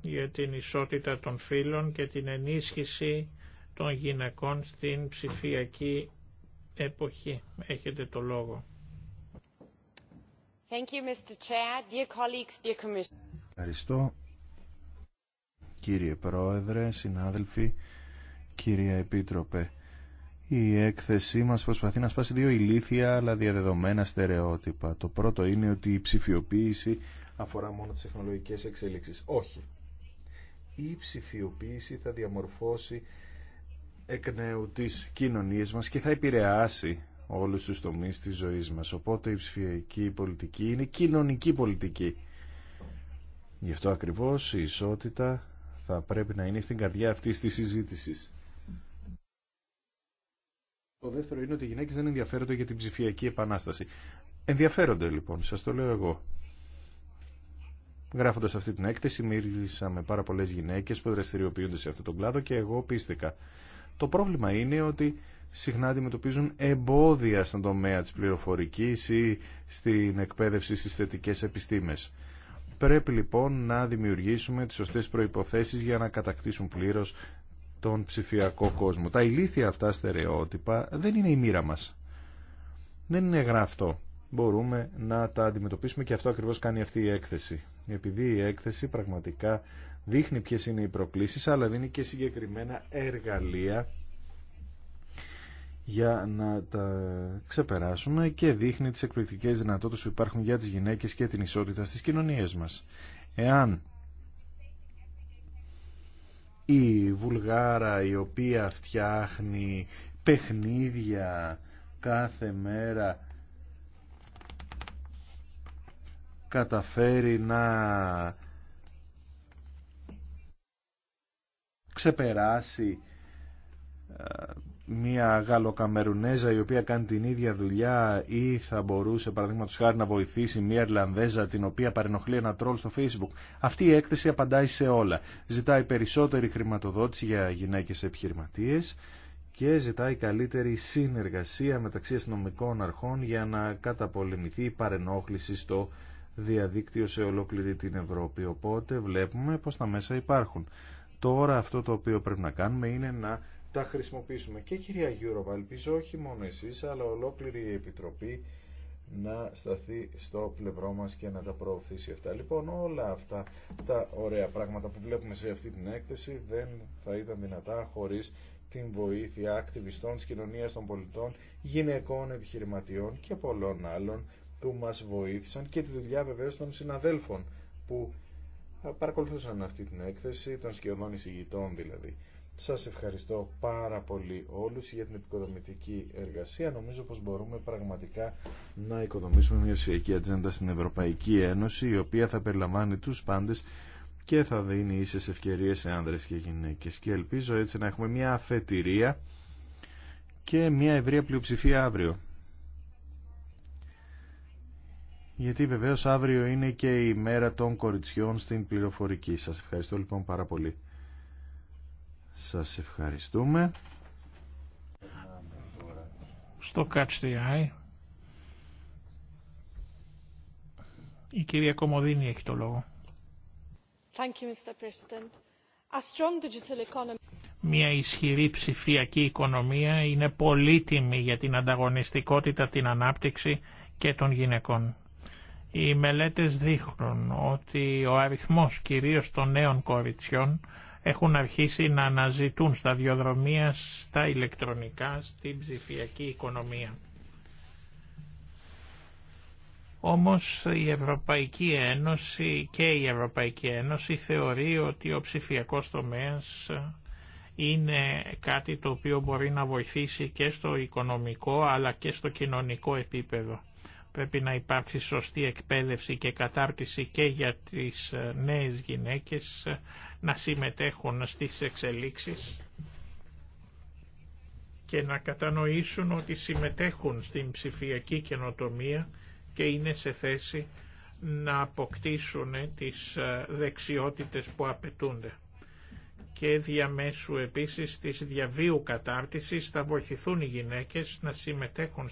για την ισότητα των φύλων και την ενίσχυση των γυναικών στην ψηφιακή εποχή. Έχετε το λόγο. Thank you, Mr. Chair. Dear colleagues, dear Ευχαριστώ κύριε Πρόεδρε, συνάδελφοι, κυρία Επίτροπε. Η έκθεσή μας προσπαθεί να σπάσει δύο ηλίθια αλλά διαδεδομένα στερεότυπα. Το πρώτο είναι ότι η ψηφιοποίηση αφορά μόνο τις τεχνολογικές εξέλιξεις. Όχι. Η ψηφιοποίηση θα διαμορφώσει εκ νέου τις κοινωνίες μας και θα επηρεάσει όλους τους τομείς της ζωής μας. Οπότε η ψηφιακή πολιτική είναι κοινωνική πολιτική. Γι' αυτό ακριβώς η ισότητα θα πρέπει να είναι στην καρδιά αυτής της συζήτησης. Το δεύτερο είναι ότι οι γυναίκες δεν ενδιαφέρονται για την ψηφιακή επανάσταση. Ενδιαφέρονται λοιπόν, σας το λέω εγώ. Γράφοντα αυτή την έκθεση μίλησα με πάρα πολλέ γυναίκε που δραστηριοποιούνται σε αυτόν τον κλάδο και εγώ πίστηκα. Το πρόβλημα είναι ότι συχνά αντιμετωπίζουν εμπόδια στον τομέα της πληροφορικής ή στην εκπαίδευση στις θετικές επιστήμες. Πρέπει λοιπόν να δημιουργήσουμε τις σωστές προϋποθέσεις για να κατακτήσουν πλήρως τον ψηφιακό κόσμο. Τα ηλίθια αυτά στερεότυπα δεν είναι η μοίρα μας. Δεν είναι γραφτό. Μπορούμε να τα αντιμετωπίσουμε και αυτό ακριβώς κάνει αυτή η έκθεση επειδή η έκθεση πραγματικά δείχνει ποιες είναι οι προκλήσεις αλλά δίνει και συγκεκριμένα εργαλεία για να τα ξεπεράσουμε και δείχνει τις εκπληκτικές δυνατότητες που υπάρχουν για τις γυναίκες και την ισότητα στις κοινωνίες μας. Εάν η Βουλγάρα η οποία φτιάχνει παιχνίδια κάθε μέρα καταφέρει να ξεπεράσει μια Γαλλοκαμερουνέζα η οποία κάνει την ίδια δουλειά ή θα μπορούσε παραδείγματο χάρη να βοηθήσει μια Ιρλανδέζα την οποία παρενοχλεί ένα τρόλ στο facebook. Αυτή η έκθεση απαντάει σε όλα. Ζητάει περισσότερη χρηματοδότηση για γυναίκες επιχειρηματίες και ζητάει καλύτερη συνεργασία μεταξύ αστυνομικών αρχών για να καταπολεμηθεί η παρενόχληση στο διαδίκτυο σε ολόκληρη την Ευρώπη. Οπότε βλέπουμε πως τα μέσα υπάρχουν. Τώρα αυτό το οποίο πρέπει να κάνουμε είναι να τα χρησιμοποιήσουμε. Και κυρία Γιούροβα, ελπίζω όχι μόνο εσείς, αλλά ολόκληρη η Επιτροπή να σταθεί στο πλευρό μας και να τα προωθήσει αυτά. Λοιπόν, όλα αυτά τα ωραία πράγματα που βλέπουμε σε αυτή την έκθεση δεν θα ήταν δυνατά χωρίς την βοήθεια ακτιβιστών της κοινωνίας των πολιτών, γυναικών επιχειρηματιών και πολλών άλλων που μας βοήθησαν και τη δουλειά βεβαίως των συναδέλφων που παρακολουθούσαν αυτή την έκθεση, των σχεδόν εισηγητών δηλαδή. Σας ευχαριστώ πάρα πολύ όλους για την επικοδομητική εργασία. Νομίζω πως μπορούμε πραγματικά να οικοδομήσουμε μια ουσιακή ατζέντα στην Ευρωπαϊκή Ένωση, η οποία θα περιλαμβάνει τους πάντες και θα δίνει ίσες ευκαιρίες σε άνδρες και γυναίκες. Και ελπίζω έτσι να έχουμε μια αφετηρία και μια ευρεία πλειοψηφία αύριο. γιατί βεβαίως αύριο είναι και η μέρα των κοριτσιών στην πληροφορική. Σας ευχαριστώ λοιπόν πάρα πολύ. Σας ευχαριστούμε. Στο Catch the Eye. Η κυρία Κομοδίνη έχει το λόγο. Μια ισχυρή ψηφιακή οικονομία είναι πολύτιμη για την ανταγωνιστικότητα, την ανάπτυξη και των γυναικών. Οι μελέτες δείχνουν ότι ο αριθμός κυρίως των νέων κοριτσιών έχουν αρχίσει να αναζητούν στα σταδιοδρομία στα ηλεκτρονικά, στην ψηφιακή οικονομία. Όμως η Ευρωπαϊκή Ένωση και η Ευρωπαϊκή Ένωση θεωρεί ότι ο ψηφιακός τομέας είναι κάτι το οποίο μπορεί να βοηθήσει και στο οικονομικό αλλά και στο κοινωνικό επίπεδο. Πρέπει να υπάρξει σωστή εκπαίδευση και κατάρτιση και για τις ε, νέες γυναίκες να συμμετέχουν στις εξελίξεις και να κατανοήσουν ότι συμμετέχουν στην ψηφιακή καινοτομία και είναι σε θέση να αποκτήσουν τις ε, δεξιότητες που απαιτούνται και διαμέσου επίσης της διαβίου κατάρτισης θα βοηθηθούν οι γυναίκες να συμμετέχουν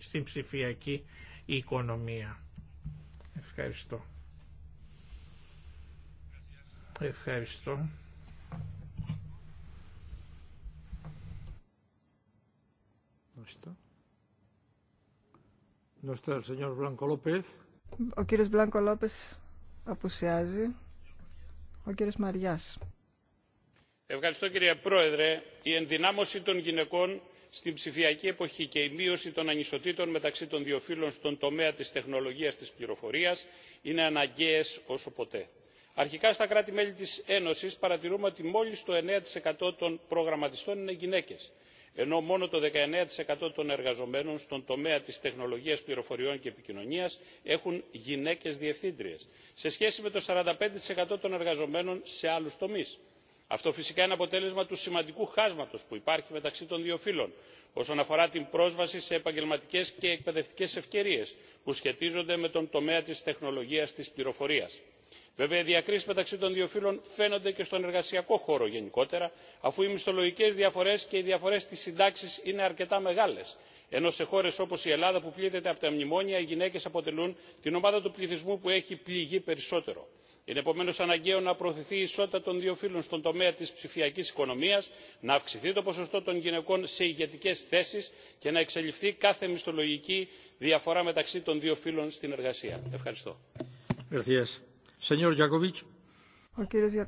στην ψηφιακή οικονομία. Ευχαριστώ. Ευχαριστώ. Ο κύριος Μπλάνκο Λόπες απουσιάζει. Ο κύριος Μαριάς. Ευχαριστώ κύριε Πρόεδρε. Η ενδυνάμωση των γυναικών στην ψηφιακή εποχή και η μείωση των ανισοτήτων μεταξύ των δύο φύλων στον τομέα της τεχνολογίας της πληροφορίας είναι αναγκαίες όσο ποτέ. Αρχικά στα κράτη-μέλη της Ένωσης παρατηρούμε ότι μόλις το 9% των προγραμματιστών είναι γυναίκες, ενώ μόνο το 19% των εργαζομένων στον τομέα της τεχνολογίας πληροφοριών και επικοινωνίας έχουν γυναίκες διευθύντριες, σε σχέση με το 45% των εργαζομένων σε άλλους τομείς αυτό φυσικά είναι αποτέλεσμα του σημαντικού χάσματος που υπάρχει μεταξύ των δύο φύλων όσον αφορά την πρόσβαση σε επαγγελματικές και εκπαιδευτικές ευκαιρίες που σχετίζονται με τον τομέα της τεχνολογίας της πληροφορίας. βέβαια οι διακρίσεις μεταξύ των δύο φύλων φαίνονται και στον εργασιακό χώρο γενικότερα αφού οι μισθολογικές διαφορές και οι διαφορές στις συντάξεις είναι αρκετά μεγάλες ενώ σε χώρες όπως η ελλάδα που πλήττεται από τα μνημόνια οι γυναίκες αποτελούν την ομάδα του πληθυσμού που έχει πληγεί περισσότερο είναι επομένω αναγκαίο να προωθηθεί η ισότητα των δύο φύλων στον τομέα τη ψηφιακή οικονομία να αυξηθεί το ποσοστό των γυναικών σε ηγετικέ θέσει και να εξαλειφθεί κάθε μισθολογική διαφορά μεταξύ των δύο φύλων στην εργασία. ευχαριστώ. Ο κύριος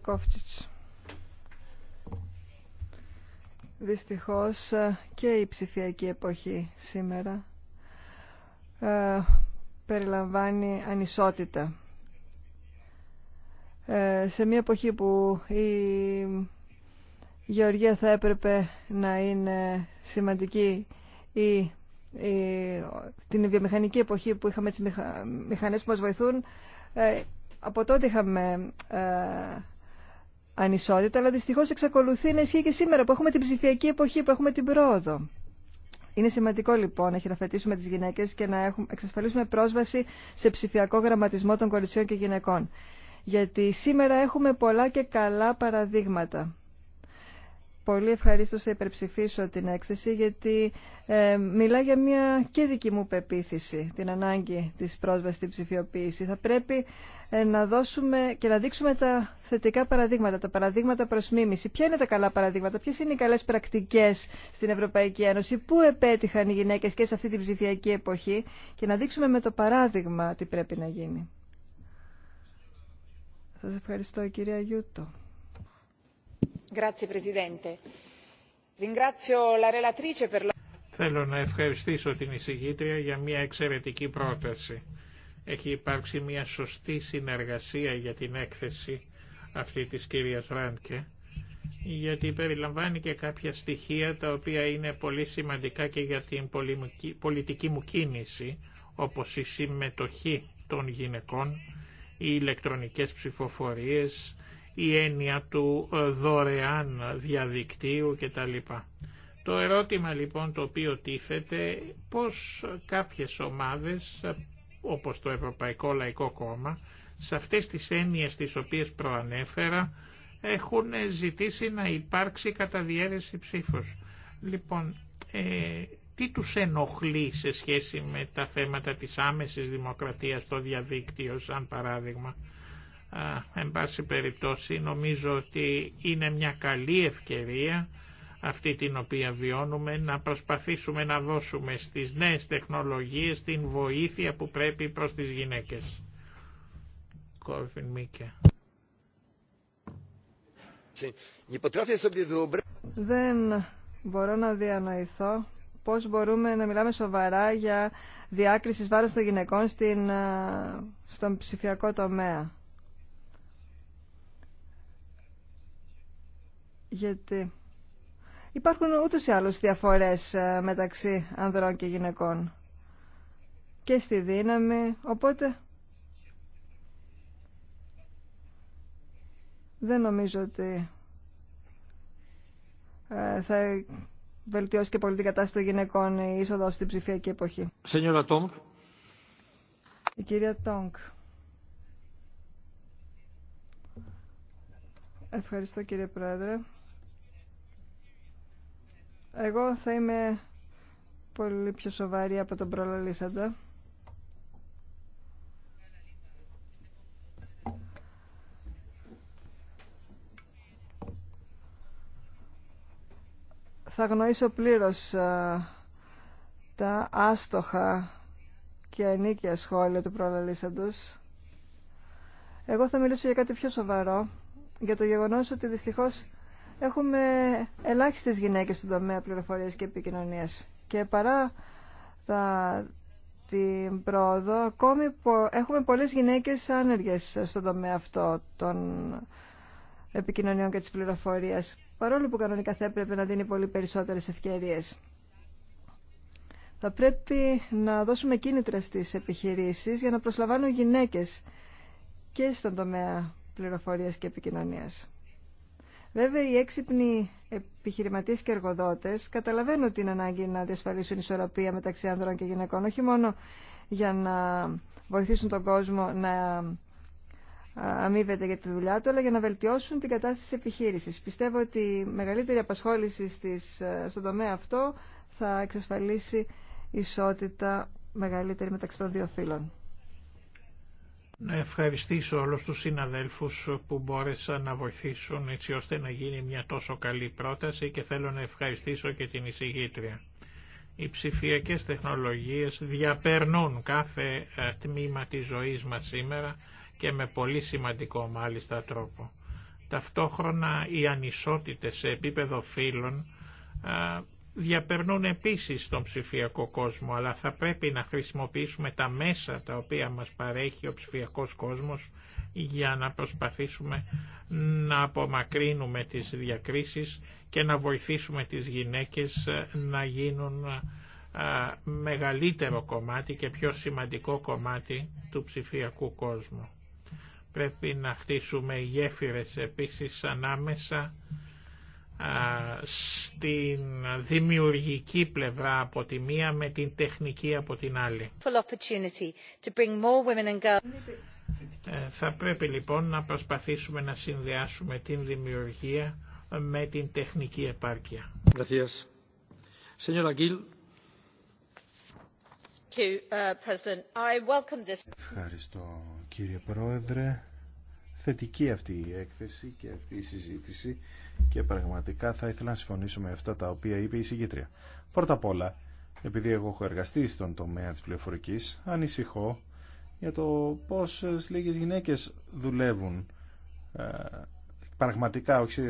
Δυστυχώς ε, και η ψηφιακή εποχή σήμερα ε, περιλαμβάνει ανισότητα ε, σε μια εποχή που η γεωργία θα έπρεπε να είναι σημαντική ή, την βιομηχανική εποχή που είχαμε τις μηχα... μηχανές που μας βοηθούν ε, από τότε είχαμε ε, ανισότητα, αλλά δυστυχώς εξακολουθεί να ισχύει και σήμερα που έχουμε την ψηφιακή εποχή, που έχουμε την πρόοδο. Είναι σημαντικό λοιπόν να χειραφετήσουμε τις γυναίκες και να έχουμε, εξασφαλίσουμε πρόσβαση σε ψηφιακό γραμματισμό των κοριτσιών και γυναικών γιατί σήμερα έχουμε πολλά και καλά παραδείγματα. Πολύ ευχαρίστω θα υπερψηφίσω την έκθεση γιατί ε, μιλά για μια και δική μου πεποίθηση, την ανάγκη της πρόσβασης στην ψηφιοποίηση. Θα πρέπει ε, να δώσουμε και να δείξουμε τα θετικά παραδείγματα, τα παραδείγματα προς μίμηση. Ποια είναι τα καλά παραδείγματα, ποιες είναι οι καλές πρακτικές στην Ευρωπαϊκή Ένωση, πού επέτυχαν οι γυναίκες και σε αυτή την ψηφιακή εποχή και να δείξουμε με το παράδειγμα τι πρέπει να γίνει. Σας ευχαριστώ κυρία Γιούτο. Θέλω να ευχαριστήσω την εισηγήτρια για μια εξαιρετική πρόταση. Έχει υπάρξει μια σωστή συνεργασία για την έκθεση αυτή της κυρίας Ράνκε, γιατί περιλαμβάνει και κάποια στοιχεία τα οποία είναι πολύ σημαντικά και για την πολιτική μου κίνηση, όπως η συμμετοχή των γυναικών οι ηλεκτρονικές ψηφοφορίες, η έννοια του ε, δωρεάν διαδικτύου κτλ. Το ερώτημα λοιπόν το οποίο τίθεται πώς κάποιες ομάδες ε, όπως το Ευρωπαϊκό Λαϊκό Κόμμα σε αυτές τις έννοιες τις οποίες προανέφερα έχουν ζητήσει να υπάρξει κατά ψηφούς. Λοιπόν, ε, τι τους ενοχλεί σε σχέση με τα θέματα της άμεσης δημοκρατίας στο διαδίκτυο σαν παράδειγμα. Εν πάση περιπτώσει νομίζω ότι είναι μια καλή ευκαιρία αυτή την οποία βιώνουμε να προσπαθήσουμε να δώσουμε στις νέες τεχνολογίες την βοήθεια που πρέπει προς τις γυναίκες. Δεν μπορώ να διανοηθώ πώς μπορούμε να μιλάμε σοβαρά για διάκριση βάρος των γυναικών στην, στον ψηφιακό τομέα. Γιατί υπάρχουν ούτως ή άλλως διαφορές μεταξύ ανδρών και γυναικών και στη δύναμη, οπότε δεν νομίζω ότι ε, θα βελτιώσει και πολύ την κατάσταση των γυναικών η είσοδο στην ψηφιακή εποχή. Η κυρία Τόγκ. Ευχαριστώ κύριε Πρόεδρε. Εγώ θα είμαι πολύ πιο σοβαρή από τον προλαλήσαντα. θα γνωρίσω πλήρως ε, τα άστοχα και ανίκια σχόλια του προλαλήσαντος. Εγώ θα μιλήσω για κάτι πιο σοβαρό, για το γεγονός ότι δυστυχώς έχουμε ελάχιστες γυναίκες στον τομέα πληροφορίας και επικοινωνίας. Και παρά τα, την πρόοδο, ακόμη έχουμε πολλές γυναίκες άνεργες στον τομέα αυτό των Επικοινωνιών και της Πληροφορίας, παρόλο που κανονικά θα έπρεπε να δίνει πολύ περισσότερες ευκαιρίες. Θα πρέπει να δώσουμε κίνητρα στις επιχειρήσεις για να προσλαμβάνουν γυναίκες και στον τομέα πληροφορίας και επικοινωνίας. Βέβαια, οι έξυπνοι επιχειρηματίε και εργοδότε καταλαβαίνουν την ανάγκη να διασφαλίσουν ισορροπία μεταξύ άνδρων και γυναικών, όχι μόνο για να βοηθήσουν τον κόσμο να αμείβεται για τη δουλειά του, αλλά για να βελτιώσουν την κατάσταση επιχείρησης. Πιστεύω ότι η μεγαλύτερη απασχόληση στις, ε, στον τομέα αυτό θα εξασφαλίσει ισότητα μεγαλύτερη μεταξύ των δύο φύλων. Να ευχαριστήσω όλους τους συναδέλφους που μπόρεσαν να βοηθήσουν έτσι ώστε να γίνει μια τόσο καλή πρόταση και θέλω να ευχαριστήσω και την εισηγήτρια. Οι ψηφιακές τεχνολογίες διαπερνούν κάθε ε, τμήμα της ζωής μας σήμερα και με πολύ σημαντικό μάλιστα τρόπο. Ταυτόχρονα οι ανισότητες σε επίπεδο φύλων διαπερνούν επίσης τον ψηφιακό κόσμο, αλλά θα πρέπει να χρησιμοποιήσουμε τα μέσα τα οποία μας παρέχει ο ψηφιακός κόσμος για να προσπαθήσουμε να απομακρύνουμε τις διακρίσεις και να βοηθήσουμε τις γυναίκες ε, να γίνουν ε, ε, μεγαλύτερο κομμάτι και πιο σημαντικό κομμάτι του ψηφιακού κόσμου. Πρέπει να χτίσουμε γέφυρες επίσης ανάμεσα στην δημιουργική πλευρά από τη μία με την τεχνική από την άλλη. Ε, θα πρέπει λοιπόν να προσπαθήσουμε να συνδυάσουμε την δημιουργία με την τεχνική επάρκεια. Gracias. Uh, Ευχαριστώ κύριε Πρόεδρε. Θετική αυτή η έκθεση και αυτή η συζήτηση και πραγματικά θα ήθελα να συμφωνήσω με αυτά τα οποία είπε η συγκήτρια. Πρώτα απ' όλα, επειδή εγώ έχω εργαστεί στον τομέα της πληροφορικής, ανησυχώ για το πώς λίγες γυναίκες δουλεύουν ε, πραγματικά, όχι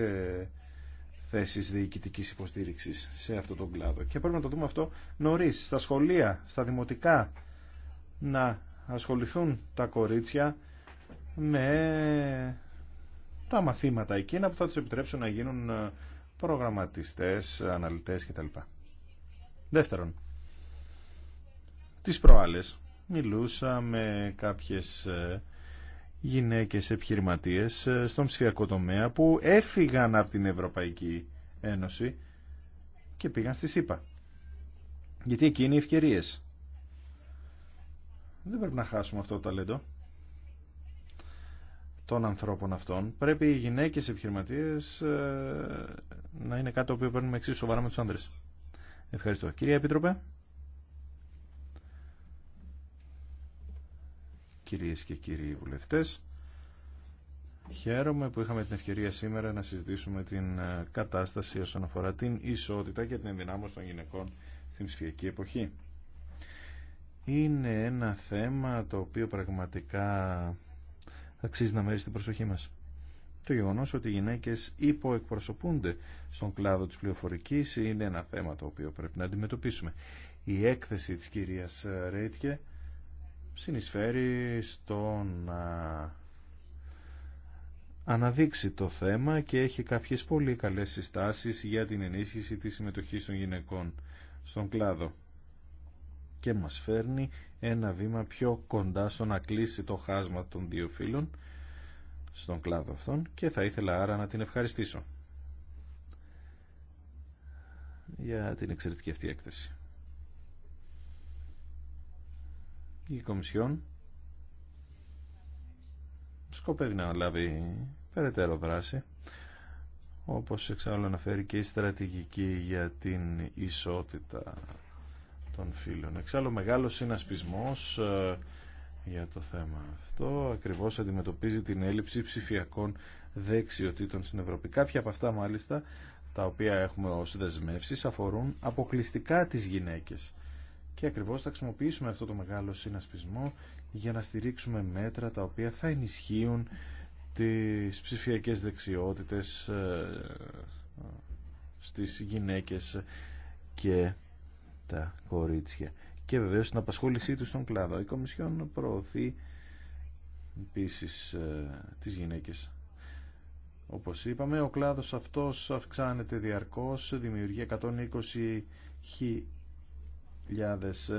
θέσεις διοικητικής υποστήριξης σε αυτό τον κλάδο. Και πρέπει να το δούμε αυτό νωρίς, στα σχολεία, στα δημοτικά, να ασχοληθούν τα κορίτσια με τα μαθήματα εκείνα που θα τους επιτρέψουν να γίνουν ε, προγραμματιστές, αναλυτές κτλ. Δεύτερον, τις προάλλες μιλούσα με κάποιες ε, γυναίκες επιχειρηματίες ε, στον ψηφιακό τομέα που έφυγαν από την Ευρωπαϊκή Ένωση και πήγαν στη ΣΥΠΑ. Γιατί εκεί είναι οι ευκαιρίες. Δεν πρέπει να χάσουμε αυτό το ταλέντο των ανθρώπων αυτών. Πρέπει οι γυναίκες επιχειρηματίες ε, να είναι κάτι το οποίο παίρνουμε εξίσου σοβαρά με τους άνδρες. Ευχαριστώ. Κυρία Επίτροπε. κυρίες και κύριοι βουλευτές. Χαίρομαι που είχαμε την ευκαιρία σήμερα να συζητήσουμε την ε, κατάσταση όσον αφορά την ισότητα και την ενδυνάμωση των γυναικών στην ψηφιακή εποχή. Είναι ένα θέμα το οποίο πραγματικά αξίζει να μέρει την προσοχή μας. Το γεγονός ότι οι γυναίκες υποεκπροσωπούνται στον κλάδο της πληροφορικής είναι ένα θέμα το οποίο πρέπει να αντιμετωπίσουμε. Η έκθεση της κυρίας Ρέιτκε συνεισφέρει στο να αναδείξει το θέμα και έχει κάποιες πολύ καλές συστάσεις για την ενίσχυση της συμμετοχής των γυναικών στον κλάδο και μας φέρνει ένα βήμα πιο κοντά στο να κλείσει το χάσμα των δύο φίλων στον κλάδο αυτόν και θα ήθελα άρα να την ευχαριστήσω για την εξαιρετική αυτή έκθεση. η Κομισιόν σκοπεύει να λάβει περαιτέρω δράση όπως εξάλλου αναφέρει και η στρατηγική για την ισότητα των φίλων. Εξάλλου μεγάλος συνασπισμός ε, για το θέμα αυτό ακριβώς αντιμετωπίζει την έλλειψη ψηφιακών δεξιοτήτων στην Ευρώπη. Κάποια από αυτά μάλιστα τα οποία έχουμε ως δεσμεύσεις αφορούν αποκλειστικά τις γυναίκες και ακριβώς θα χρησιμοποιήσουμε αυτό το μεγάλο συνασπισμό για να στηρίξουμε μέτρα τα οποία θα ενισχύουν τις ψηφιακές δεξιότητες ε, ε, στις γυναίκες και τα κορίτσια και βεβαίως την απασχόλησή τους στον κλάδο. Η Κομισιόν προωθεί επίσης ε, τις γυναίκες. Όπως είπαμε, ο κλάδος αυτός αυξάνεται διαρκώς, δημιουργεί 120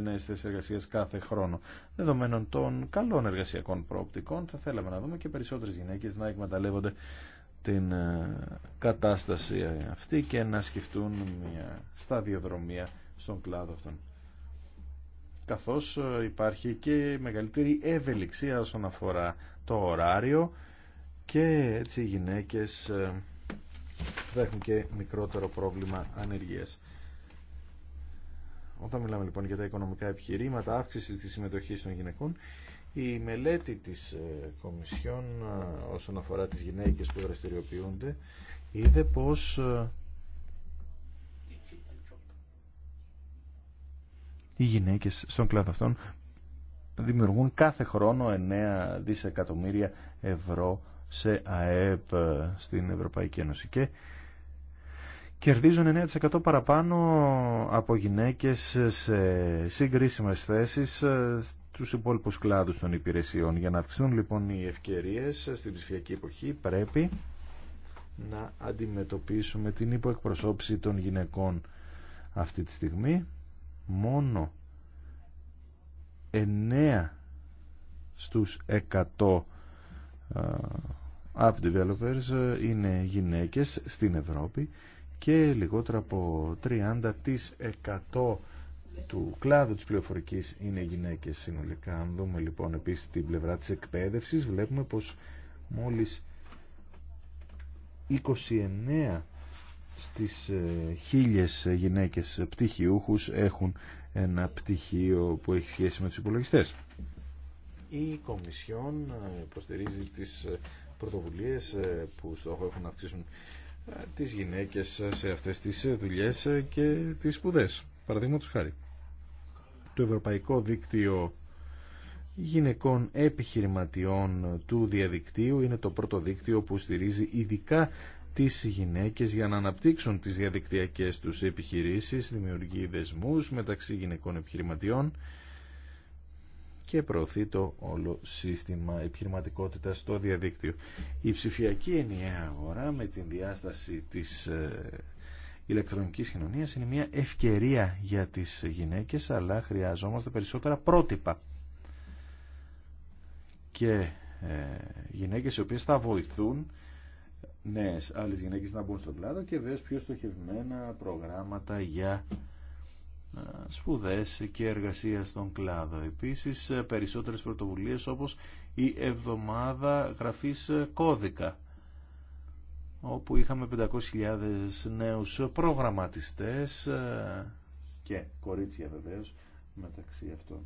νέες θέσεις κάθε χρόνο. Δεδομένων των καλών εργασιακών προοπτικών θα θέλαμε να δούμε και περισσότερες γυναίκες να εκμεταλλεύονται την ε, κατάσταση αυτή και να σκεφτούν μια σταδιοδρομία στον κλάδο αυτόν. Καθώς ε, υπάρχει και μεγαλύτερη ευελιξία όσον αφορά το ωράριο και έτσι οι γυναίκες ε, θα έχουν και μικρότερο πρόβλημα ανεργίας. Όταν μιλάμε λοιπόν για τα οικονομικά επιχειρήματα, αύξηση της συμμετοχής των γυναικών, η μελέτη της ε, Κομισιόν ε, όσον αφορά τις γυναίκες που δραστηριοποιούνται είδε πως ε, οι γυναίκες στον κλάδο αυτών δημιουργούν κάθε χρόνο 9 δισεκατομμύρια ευρώ σε ΑΕΠ στην Ευρωπαϊκή Ένωση και κερδίζουν 9% παραπάνω από γυναίκες σε συγκρίσιμες θέσεις ε, στους υπόλοιπους κλάδους των υπηρεσιών. Για να αυξηθούν λοιπόν οι ευκαιρίες στην ψηφιακή εποχή πρέπει να αντιμετωπίσουμε την υποεκπροσώπηση των γυναικών αυτή τη στιγμή. Μόνο 9 στους 100 ε, app developers ε, είναι γυναίκες στην Ευρώπη και λιγότερο από 30% του κλάδου της πληροφορικής είναι γυναίκες συνολικά. Αν δούμε λοιπόν επίσης την πλευρά της εκπαίδευσης βλέπουμε πως μόλις 29 στις ε, χίλιες γυναίκες πτυχιούχους έχουν ένα πτυχίο που έχει σχέση με τους υπολογιστές. Η Κομισιόν ε, υποστηρίζει τις ε, πρωτοβουλίες που στόχο έχουν να αυξήσουν τις γυναίκες σε αυτές τις δουλειές και τις σπουδέ. Παραδείγματος χάρη. Το Ευρωπαϊκό Δίκτυο Γυναικών Επιχειρηματιών του Διαδικτύου είναι το πρώτο δίκτυο που στηρίζει ειδικά τις γυναίκες για να αναπτύξουν τις διαδικτυακές τους επιχειρήσεις, δημιουργεί δεσμούς μεταξύ γυναικών επιχειρηματιών και προωθεί το όλο σύστημα επιχειρηματικότητας στο διαδίκτυο. Η ψηφιακή ενιαία αγορά με την διάσταση της ε, ηλεκτρονικής κοινωνίας είναι μια ευκαιρία για τις γυναίκες αλλά χρειαζόμαστε περισσότερα πρότυπα και ε, γυναίκες οι οποίες θα βοηθούν νέες άλλες γυναίκες να μπουν στον κλάδο και βέβαια πιο στοχευμένα προγράμματα για ε, σπουδές και εργασία στον κλάδο. Επίσης ε, περισσότερες πρωτοβουλίες όπως η εβδομάδα γραφής ε, κώδικα όπου είχαμε 500.000 νέους προγραμματιστές και κορίτσια βεβαίως μεταξύ αυτών.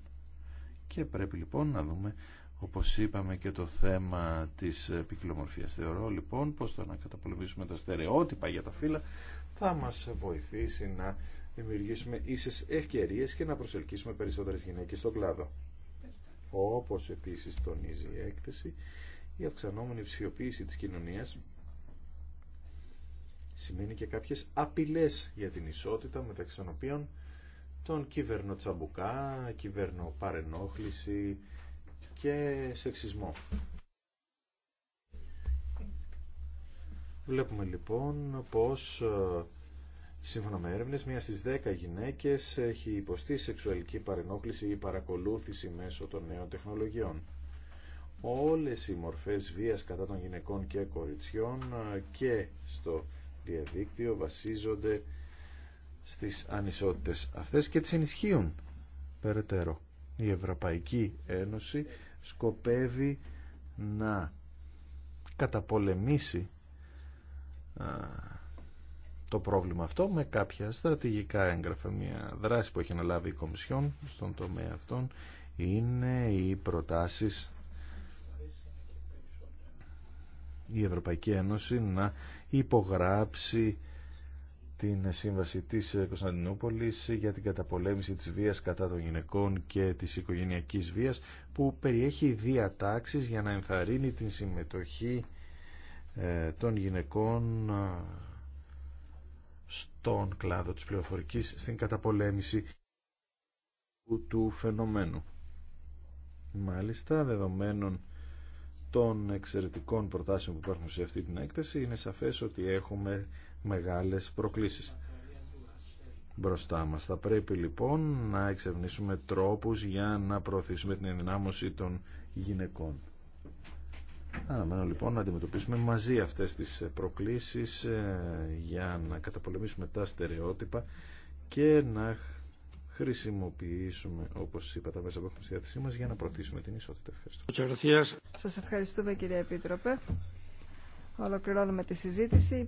Και πρέπει λοιπόν να δούμε όπως είπαμε και το θέμα της πυκλομορφίας. Θεωρώ λοιπόν πως το να καταπολεμήσουμε τα στερεότυπα για τα φύλλα θα μας βοηθήσει να δημιουργήσουμε ίσες ευκαιρίες και να προσελκύσουμε περισσότερες γυναίκες στον κλάδο. Όπως επίσης τονίζει η έκθεση, η αυξανόμενη ψηφιοποίηση της κοινωνίας σημαίνει και κάποιες απειλές για την ισότητα μεταξύ των οποίων τον ...κύβερνο παρενόχληση... και σεξισμό. Βλέπουμε λοιπόν πως ε, Σύμφωνα με έρευνες, μία στις 10 γυναίκες έχει υποστεί σεξουαλική παρενόχληση ή παρακολούθηση μέσω των νέων τεχνολογιών. Όλες οι μορφές βίας κατά των γυναικών και κοριτσιών και στο διαδίκτυο βασίζονται στις ανισότητες αυτές και τις ενισχύουν περαιτέρω. Η Ευρωπαϊκή Ένωση σκοπεύει να καταπολεμήσει το πρόβλημα αυτό με κάποια στρατηγικά έγγραφα. Μια δράση που έχει αναλάβει η Κομισιόν στον τομέα αυτών είναι οι προτάσεις η Ευρωπαϊκή Ένωση να υπογράψει την σύμβαση της Κωνσταντινούπολης για την καταπολέμηση της βίας κατά των γυναικών και της οικογενειακής βίας που περιέχει διατάξεις για να ενθαρρύνει την συμμετοχή ε, των γυναικών στον κλάδο της πληροφορικής στην καταπολέμηση του φαινομένου. Μάλιστα, δεδομένων των εξαιρετικών προτάσεων που υπάρχουν σε αυτή την έκθεση, είναι σαφές ότι έχουμε μεγάλες προκλήσεις μπροστά μας. Θα πρέπει λοιπόν να εξευνήσουμε τρόπους για να προωθήσουμε την ενδυνάμωση των γυναικών. Αναμένω λοιπόν να αντιμετωπίσουμε μαζί αυτές τις προκλήσεις ε, για να καταπολεμήσουμε τα στερεότυπα και να χρησιμοποιήσουμε, όπως είπα, τα μέσα που έχουμε στη διάθεσή μας για να προωθήσουμε την ισότητα. Ευχαριστώ. Σας ευχαριστούμε κύριε Επίτροπε. Ολοκληρώνουμε τη συζήτηση.